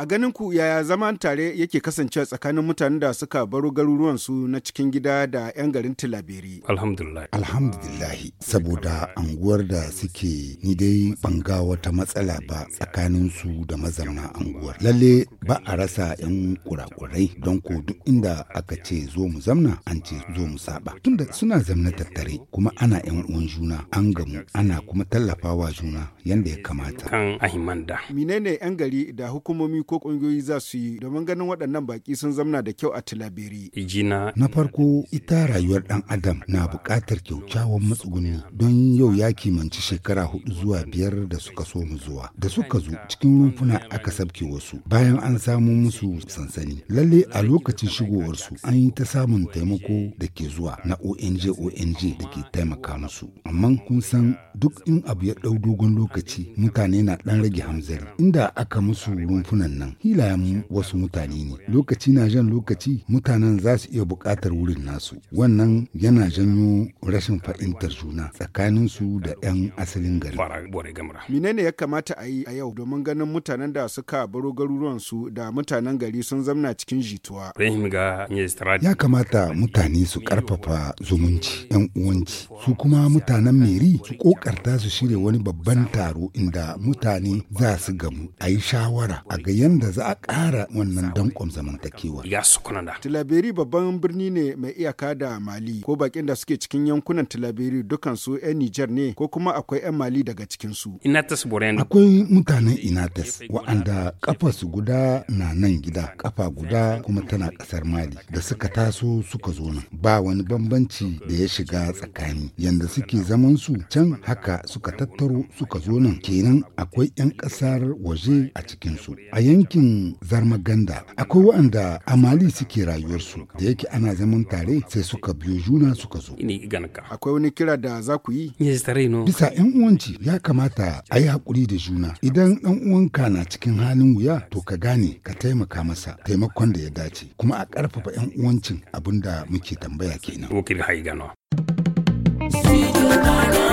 A ganin ku yaya zaman tare yake kasancewa tsakanin mutanen da suka baro garuruwan su na cikin gida da 'yan garin Tilaberi? Alhamdulillah. Alhamdulillah. Saboda anguwar da suke ni dai banga wata matsala ba tsakanin su da mazauna anguwar. Lalle ba a rasa 'yan kurakurai don ko duk inda aka ce zo mu zamna an ce zo mu saba. Tunda suna zamna tattare kuma ana 'yan uwan juna an gamu ana kuma tallafawa juna yanda ya kamata. Kan ahimanda. Menene 'yan gari da hukumomi ko ƙungiyoyi za su yi domin ganin waɗannan baƙi sun zamna da kyau a tilabiri Na farko ita rayuwar ɗan Adam na buƙatar kyaukyawan matsuguni don yau ya kimanci shekara hudu zuwa biyar da suka so mu zuwa. Da suka zo cikin rumfuna aka sabke wasu bayan an samu musu sansani. Lalle a lokacin shigowar su an yi ta samun taimako da ke zuwa na ONG ONG da ke taimaka musu. Amma kun san duk in abu ya ɗau dogon lokaci mutane na ɗan rage hamzari inda aka musu rumfunan nan hilayen wasu mutane ne lokaci na jan lokaci mutanen za su iya buƙatar wurin nasu wannan yana janyo rashin fahimtar juna tsakanin su da 'yan asalin gari. menene ya kamata a yi a yau domin ganin mutanen da suka baro garuruwan su da mutanen gari sun zamna cikin jituwa ya kamata mutane su karfafa zumunci 'yan uwanci su kuma mutanen meri su kokarta su shirya wani babban taro inda mutane za su gamu a yi shawara a ga yadda za a ƙara wannan dankon zamantakewa. Tilaberi babban birni ne mai iyaka da Mali ko bakin da suke cikin yankunan Tilaberi dukansu 'yan Nijar ne ko kuma akwai 'yan Mali daga cikin su. cikinsu. Akwai mutanen Inatas wa'anda kafa su guda na nan gida kafa guda kuma tana ƙasar Mali da suka taso suka zo nan ba wani bambanci da ya shiga tsakani yanda suke zaman su can haka suka tattaro suka zo nan kenan akwai 'yan ƙasar waje a cikinsu. A yankin zarmaganda akwai waɗanda amali suke rayuwarsu da yake ana zaman tare sai suka biyo juna suka zo akwai wani kira da za ku yi bisa yan uwanci ya kamata a yi haƙuri da juna idan ɗan uwanka na cikin halin wuya to ka gane ka taimaka masa taimakon da ya dace kuma a ƙarfafa yan uwancin abin da muke tambaya kenan Studio